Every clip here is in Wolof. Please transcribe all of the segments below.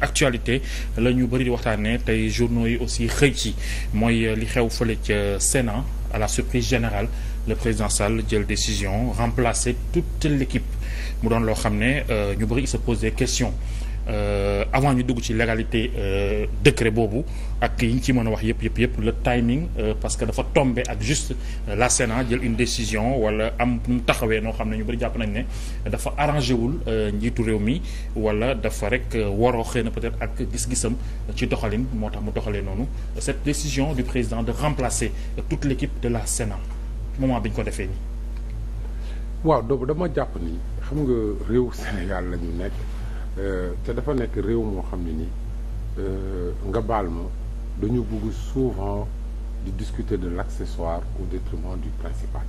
actualité la ñu bëri di waxtaanee tey journaux yi aussi xëy ci mooy euh, li xew fële ca euh, Sénat à la surprise générale le président Sall jël décision remplacer toute l'équipe mu doon loo xam ne euh, ñu bëri il se pose des questions Euh, avant ñu dugg ci légalité euh, décret boobu ak yi ñu ci mën a wax yëpp yëpp yëpp le timing euh, parce que dafa tombé ak juste la Sénat jël une décision wala am nu mu taxawee noo xam ne ñu bëri jàpp nañ ne dafa arrangé wul njiitu réew mi wala dafa rek waroo xëy na peut-être ak gis-gisam ci doxalin moo tax mu doxalee noonu cette décision du président de remplacer toute l'équipe de la Sénat moment bi ñu ko defee nii. waaw dama jàpp ni xam nga réew Sénégal la ñu nekk. Euh, te dafa nekk réew moo xam ne nii euh, nga baal ma dañu bëgg souvent di discuter de l'accessoire au détriment du principal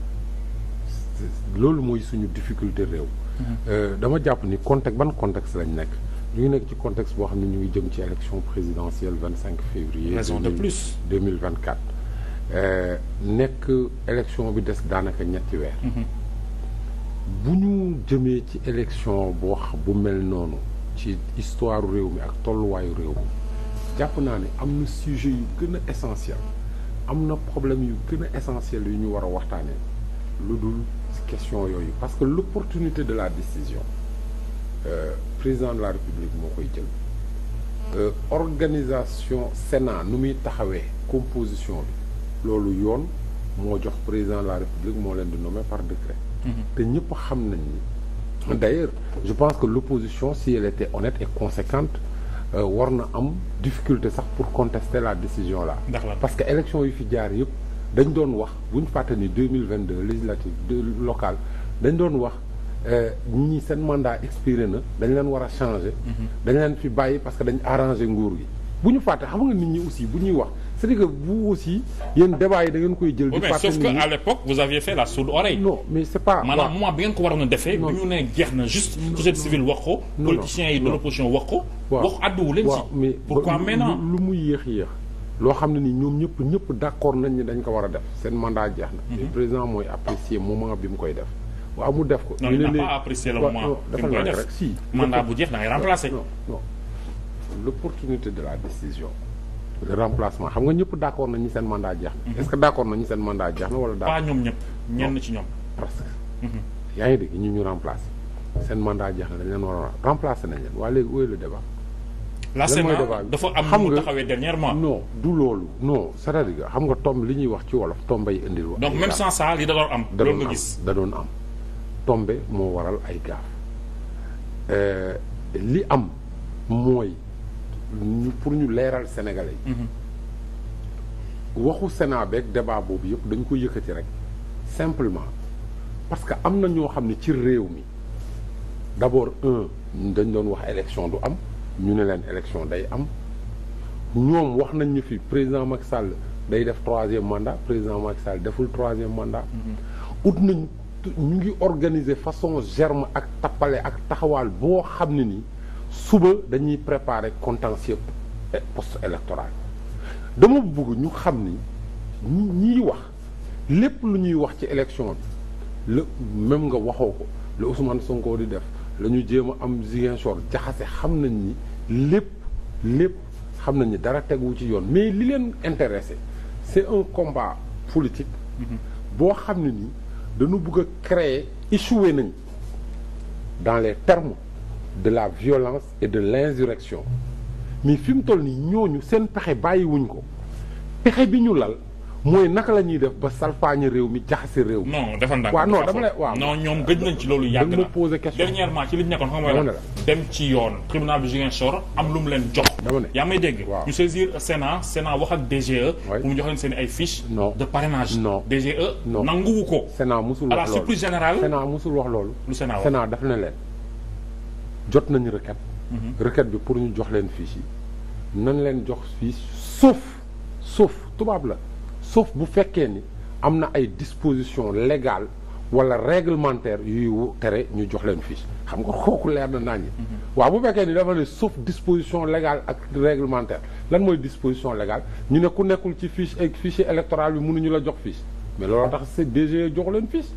loolu mooy suñu difficulté réew mm-hmm. euh, dama jàpp ni contexte ban contexte lañ nekk ñu ngi nekk ci contexte boo xam ne ñu ngi jëm ci élection présidentielle vingt cinq février raison de plus deux mille vingt quatre nekk élection bi des daanaka ñetti weer mm-hmm. bu ñu jëmee ci élection bu wax bu mel noonu ci histoire réew mi ak tolluwaayu réew mi jàpp naa ni am na sujet yu gën a essentiel am na problème yu gën a essentiel yu ñu war a waxtaanee lu dul question yooyu parce que l'opportunité de la décision euh, président de la république moo koy jël euh, organisation Sénat nu muy taxawee composition bi loolu yoon moo jox président de la république moo leen di nommé par décret mm-hmm. te ñëpp xam nañ ni d'ailleurs je pense que l'opposition si elle et conséquente euh, war na am difficulté sax pour contester la décision là parce que élection yu fi jaar yëpp dañ doon wax bu ñu fàtte ni 2022 législative locale dañ doon wax euh, ñi seen mandat expiré na dañ leen war a changer mhm. dañ leen fi bàyyi parce que dañ arrangé nguur gi bu ñu fàtte xam nga nit ñi aussi bu ñuy wax c'est-à-dire que vous aussi yéen débat yi da koy jël. di fàtte sauf que à a defee. non bi ñu ne jeex na juste. société civile lu mu yéex yéex. loo xam ne ni ñoom ñëpp ñëpp d'accord nañ ni dañ ko war def seen mandat jeex na. Mhm. président mooy apprécier bi mu koy def. waaw mu def ko. ñu ne leen non bu jeex da ngay remplacer. non non. l'opportunité de la décision le remplacement xam nga ñëpp d'accord nañu seen mandat jeex na est-ce que d'accord nañu seen mandat jeex na wala d'accord pas ñoom ñëpp ñenn ci ñoom parce que mhm. yaa ngi dégg ñu ñu remplacer seen mandat jeex na dañ leen war a remplacer nañ leen waa léegi où est le débat la Sénat dafa am lu taxawee dernièrement non du loolu non cest à xam nga tomb li ñuy wax ci wolof tombay indil wax donc même sans ça li da am loolu nga gis da doon am tombe moo waral ay gaaf euh, li am mooy pour ñu leeral sénégalais yi. Mhm. waxu Sénat beeg débat boobu yëpp dañ koy yëkkati rek simplement parce que am na ñoo xam ne ci réew mi d'abord un dañ doon wax élection du am ñu ne leen élection day am ñoom wax nañ ñu fi président Macky Sall day def troisième mandat président Macky Sall deful troisième mandat. Mhm. ut nañ ñu ngi organiser façon germe ak tappale ak taxawaal boo xam ne nii suba dañuy préparer contentieux post électoral dama bëgg ñu xam ni ñi wax lépp lu ñuy wax ci élection bi la même nga waxoo ko la Ousmane Sonko di def la ñu jéem a am Ziguinchor jaxase xam nañ ni lépp lépp xam nañ ñi dara tegu ci yoon mais li leen intéressé c'est un combat politique mm-hmm. boo xam ne ni dañu bëgg a créer échoué nañ dans les termes de la violence et de l'insurrection mais fi mu toll nii ñooñu seen pexe bàyyi wuñ ko pexe bi ñu lal mooy naka la ñuy def ba salfaañe réew mi jaxase réew. non dafa ndànk waaw non dama lay waaw nañ ci loolu. yàgg na ma ci li ñu nekkoon xam nga la dem ci yoon tribunal bi Ziguinchor am lu mu leen jox. dama ne yaa may dégg. ñu saisir Sénat Sénat wax ak DGE. pour mu jox leen seen ay fiches. non de parrainage. non DGE. non nanguwu ko. Sénat musul wax loolu à la surprise générale. wax loolu. lu Sénat wax na leen. jot nañu requête. Mhm. requête bi pour ñu jox leen fiche yi nan leen jox fiche suuf suuf tubaab la suuf bu fekkee ni am na ay dispositions légales wala réglementaires yuy tere ñu jox leen fiche xam nga xooku leer na naan yi mhm. waaw bu fekkee ni dafa ne sauf disposition légale ak réglementaire lan mooy disposition légale ñu ne ku nekkul ci fiche ak fichier électoral bi ñu la jox fiche mais looloo tax DG e jox leen fiche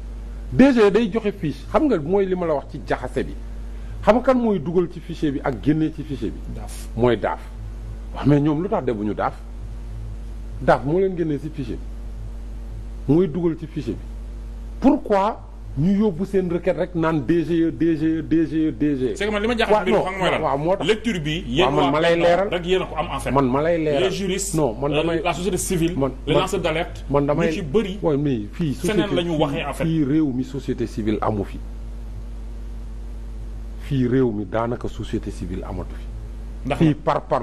DG e day joxe fiche xam nga mooy li ma la wax ci jaxase bi xam kan mooy dugal ci fichier bi ak génnee ci fichier bi. daaf mooy daaf. wax mais ñoom lu tax defuñu daaf daaf moo leen génnee ci fichier bi mooy dugal ci fichier bi pourquoi ñu yóbbu seen requête rek naan DGE DGE DGE DGE. c'est que man li ma jaaxal mbir xam mooy lan waaw moo tax lecture bi. yéen man ma lay leeral rek yéen a ko am en fait. man ma lay leeral les juristes. non man euh, damay la société civile. man les lanceurs d'alerte. man damay ñu ci bëri. waaw mais fii société feneen la ñu waxee en fait fii réew mi société civile amu fi. fii réew mi daanaka société civile amatu fi. ndax fii par par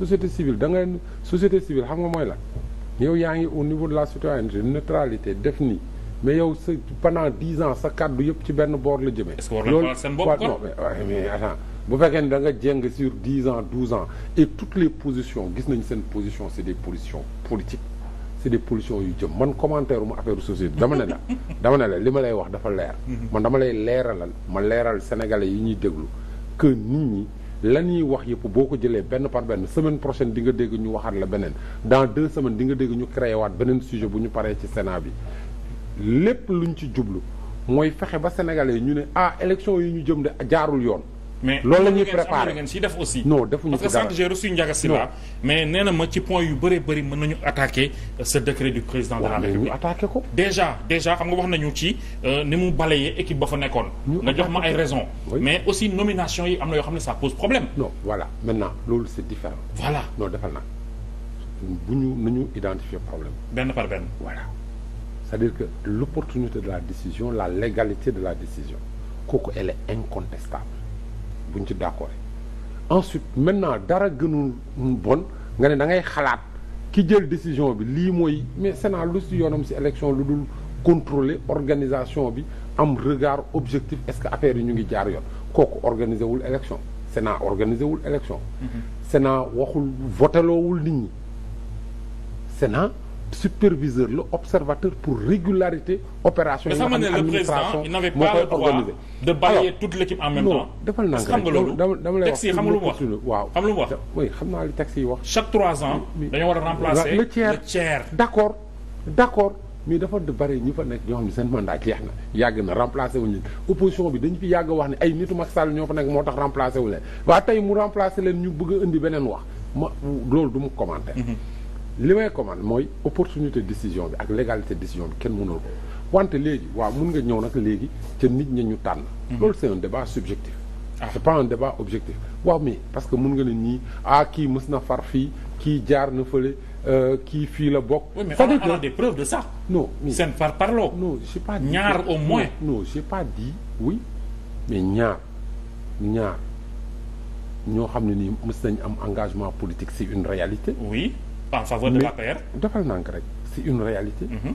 société civile da ngay société civile xam nga mooy la yow yaa ngi au niveau de la citoyenneté neutralité def nii mais yow sa pendant dix ans sa kàddu yëpp ci benn boor la jëmee. est-ce seen bopp non bu fekkee ne da nga jéng sur dix ans douze ans et toutes les positions gis nañ seen position c'est des positions politiques. c'est des positions yu jëm man commentaire mu affaire société dama ne la dama ne la li ma lay wax dafa leer man dama lay leeralal ma leeral sénégalais yi ñuy déglu que nit ñi la ñuy wax yëpp boo ko jëlee benn par benn semaine prochaine di nga dégg ñu waxaat la beneen dans deux semaines di nga dégg ñu créé waat beneen sujet bu ñu paree ci sena bi lépp luñ ci jublu mooy fexe ba sénégalais yi ñu ne ah élection yi ñu jëm de jaarul yoon mais loolu la ñuy ngeen si def aussi. non defuñu ci dara parce que sànq j'ai reçu Ndiaga Sylla mais nee na ma ci point yu bëree bëri mën nañu attaquer euh, ce décret du président de la République. attaqué ko déjà déjà xam nga wax nañu ci euh, ni mu balayee équipe ba fa nekkoon. nga jox ma ay raisons. mais aussi nomination yi am na yoo xam ne ça pose problème. non voilà maintenant loolu c'est différent. voilà non defal naa bu ñu ñu identifier problème. benn par benn. voilà c'est-à-dire que l'opportunité de la décision la légalité de la décision kooku elle est incontestable. bu ñu ci d'accord ensuite maintenant dara gënul bon nga ne da ngay xalaat ki jël décision bi lii mooy mais Sénat lu si yoonam si élection lu dul contrôler organisation bi am regard objectif est-ce que affaire yi ñu ngi jaar yoon kooku organiser wul élection Sénat organiser wul élection mm-hmm. Sénat waxul voteloowul nit ñi Sénat superviseur la observateur pour régularité opération yi nga xam ne administration moo koy organisé de balayer toute l'équipe en même defal naa xam nga loolu dama lay wax xam nga lu mu wax waaw xam lu mu wax oui xam naa li taxi yi wax chaque trois ans dañoo war a remplacer le tiers le tiers d'accord d'accord mais dafa ñi fa nekk ñoo xam ne seen mandat jeex na yàgg na remplacé wuñu opposition bi dañu fi yàgg wax ne ay nitu Macky Sall ñoo fa nekk moo tax remplacé wu leen waa tey mu remplacé leen ñu bëgg a indi beneen wax ma loolu du mu li may commande mooy opportunité décision bi ak légalité décision bi kenn mënul ko wante léegi waaw mun nga ñëw nag léegi ca nit ña ñu tànn. Mhm. loolu c'est un débat subjectif. ah c'est pas un débat waaw mais parce que mun nga ne nii ah kii mës na far fii kii jaar na fële euh, kii fii la bokk. sa mais on a des preuves de ça. non mais seen parloo. non j'ai ñaar au moins. non j'ai pas dit oui mais ñaar ñaar ñoo xam ne nii mës nañ am engagement politique c'est une réalité. oui. en faveur de defal nank rek c'est une réalité mhm.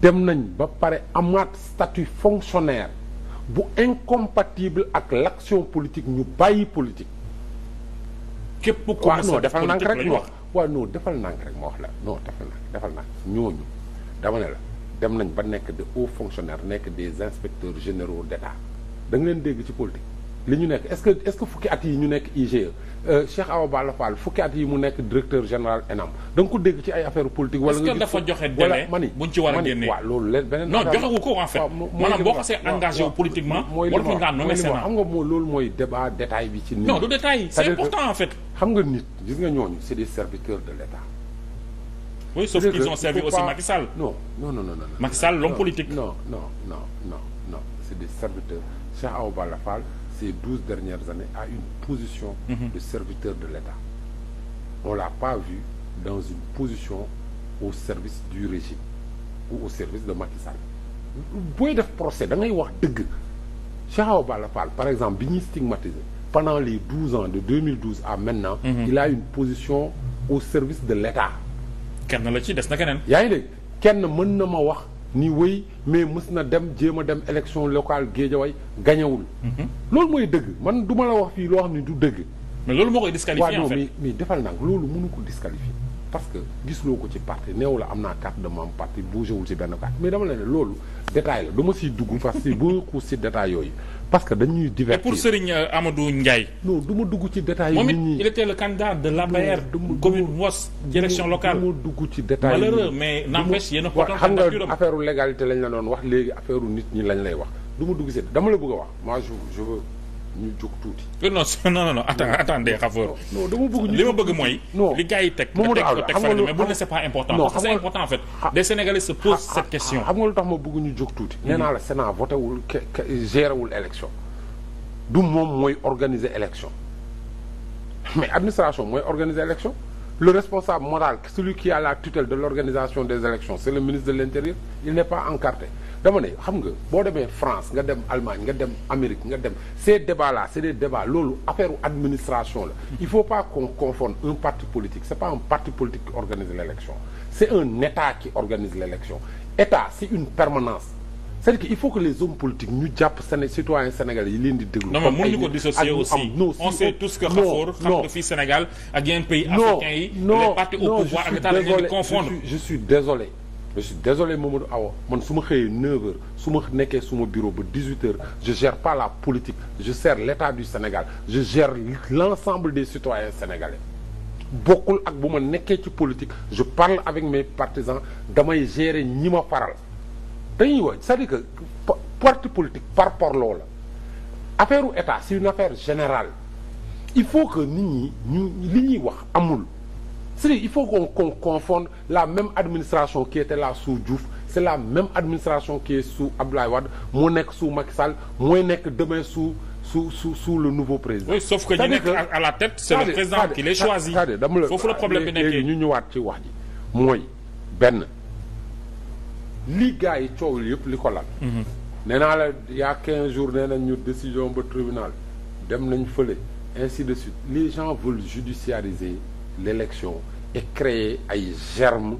dem nañ ba pare amaat statut fonctionnaire bu incompatible ak l'action politique ñu bàyyi politique képp ku waaw non defal nank rek ñu wax waaw non defal nank rek ma wax la non defal nank defal nank ñooñu dama ne la dem nañ ba nekk de hauts fonctionnaire nekk des inspecteurs généraux de da nga leen dégg ci politique li ñu nekk est-ce que est-ce que fukki at yi ñu nekk IGE euh, Cheikh Awa Balla Fall fukki at yi mu nekk directeur général ENAM da ko dégg ci ay affaire politique. wala nga dafa joxe délai buñ ci war a génnee waaw loolu lenn beneen. non joxewu ko en fait. maanaam boo xasee engagé wu politiquement. mooy li ma xam moo loolu mooy débat détail bi ci. non du détail c'est important en fait. xam nga nit gis nga ñooñu c'est des serviteurs de l'État. oui sauf qu'ils ont servi aussi Macky Sall. non non non des serviteurs Cheikh Awa Balla Fall ces douze dernières années à une position mhm. de serviteur de l'État. On ne l'a pas vu dans une position au service du régime ou au service de Macky Sall. booy def procès da ngay wax dëgg Cheikh Awa Balla Fall par exemple bi ñuy stigmatisé pendant les douze ans de 2012 à maintenant mhm. il a une position au service de l'État kenn la ci des na keneen yaa ngi dégg kenn mën na ma wax ni wëy mais mës na dem jéem a dem élection locale Guédiawaye gañewul mhm. loolu mooy dëgg man du la wax fii loo xam ne du dëgg. mais loolu moo koy disqualifié en fait mais defal naa loolu mënu ko disqualifié. parce que gis gisuloo ko ci parti new la am naa carte de membre parti bougéwul ci benn carte mais dama la ne loolu détail la du ma siy dugg parce que beaucoup si détail yooyu. parce que dañuy divertir pour Serigne euh, Amadou Ndiaye. non du dugg ci détail yi. nit ñi moom it il était le candidat de l'APR. commune Mos ci élection locale. du dugg ci détail malheureux mais n'empêche yéen a. xam nga affaire légalité lañ la doon wax léegi affaire nit ñi lañ lay wax. du dugg ci dama la bëgg a wax moi je je veux. ñu jóg tuuti. Euh, non non non attends attendez Khafor. non dama bëgg ñu li ma bëgg mooy. li gars yi teg nga teg ko teg fële mais bu ne c'est pas important. parce que c'est important en fait. des Sénégalais se posent cette question. xam nga lu tax ma bëgg ñu jóg tuuti. Mm-hmm. nee naa la Sénat voté wul géré wul élection. du moom mooy organiser élection. mais administration mooy organiser élection. le responsable moral celui qui a la tutelle de l'organisation des élections c'est le ministre de l'Intérieur il n'est pas encarté dama xam nga boo demee France nga dem Allemagne nga dem Amérique nga dem ces débats là c'est des débats loolu affaire administration la il faut pas qu'on confonde un parti politique c'est pas un parti politique qui organise l'élection c'est un État qui organise l'élection État c'est une permanence c'est-à-dire qu'il faut que les hommes politiques ñu jàpp Séné citoyens sénégalais yi leen di déglu. non mais mënuñu ko dissocier aussi on sait tous que je suis désolé Mamadou Awa man su ma xëyee 9h su ma nekkee suma bureau ba 18h je gère pas la politique je sers l'état du Sénégal je gère l'ensemble des citoyens sénégalais bokkul ak bu ma nekkee ci politique je parle avec mes partisans damay gere ñi ma faral dañuy wax cest à que parti politique par parloo la affaire état c'est une affaire générale il faut que nit ñi ñu li ñuy wax amul si il faut qu'on qu'on confonde la même administration qui était là sous Diouf c'est la même administration qui est sous Abdoulaye moo nekk sous Macky Sall mooy nekk demain sous sous sous sous le nouveau président. oui sauf que à la tête. c'est le président qui l'a choisi. foofu la problème bi ci wax ji mooy benn li gars yi coow li yëpp li ko lal. Mhm. nee naa la il y a 15 jours ñu décision ba tribunal dem nañ fële ainsi de suite les gens veulent judiciariser. l'élection et créer ay germes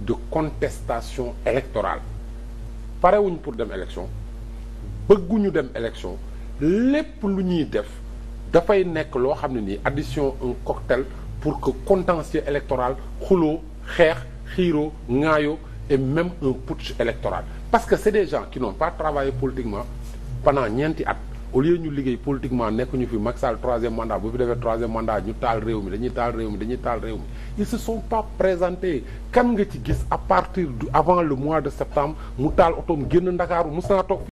de contestation électorale parewuñ pour dem élection bëgguñu dem élection lépp lu ñuy def dafay nekk loo xam ne nii addition un cocktail pour que contentieux électoral xuloo xeex xiiroo ŋaayoo et même un putsch électoral parce que c'est des gens qui n'ont pas travaillé politiquement pendant ñeenti at au lieu ñu liggéey politiquement nekk ñu fi Macky Sall troisième mandat bu fi defee troisième mandat ñu taal réew mi dañuy taal réew mi dañuy se sont pas présentés kan nga ci gis à partir du avant le mois de septembre mu taal otoom génn Ndakaaru mos naa toog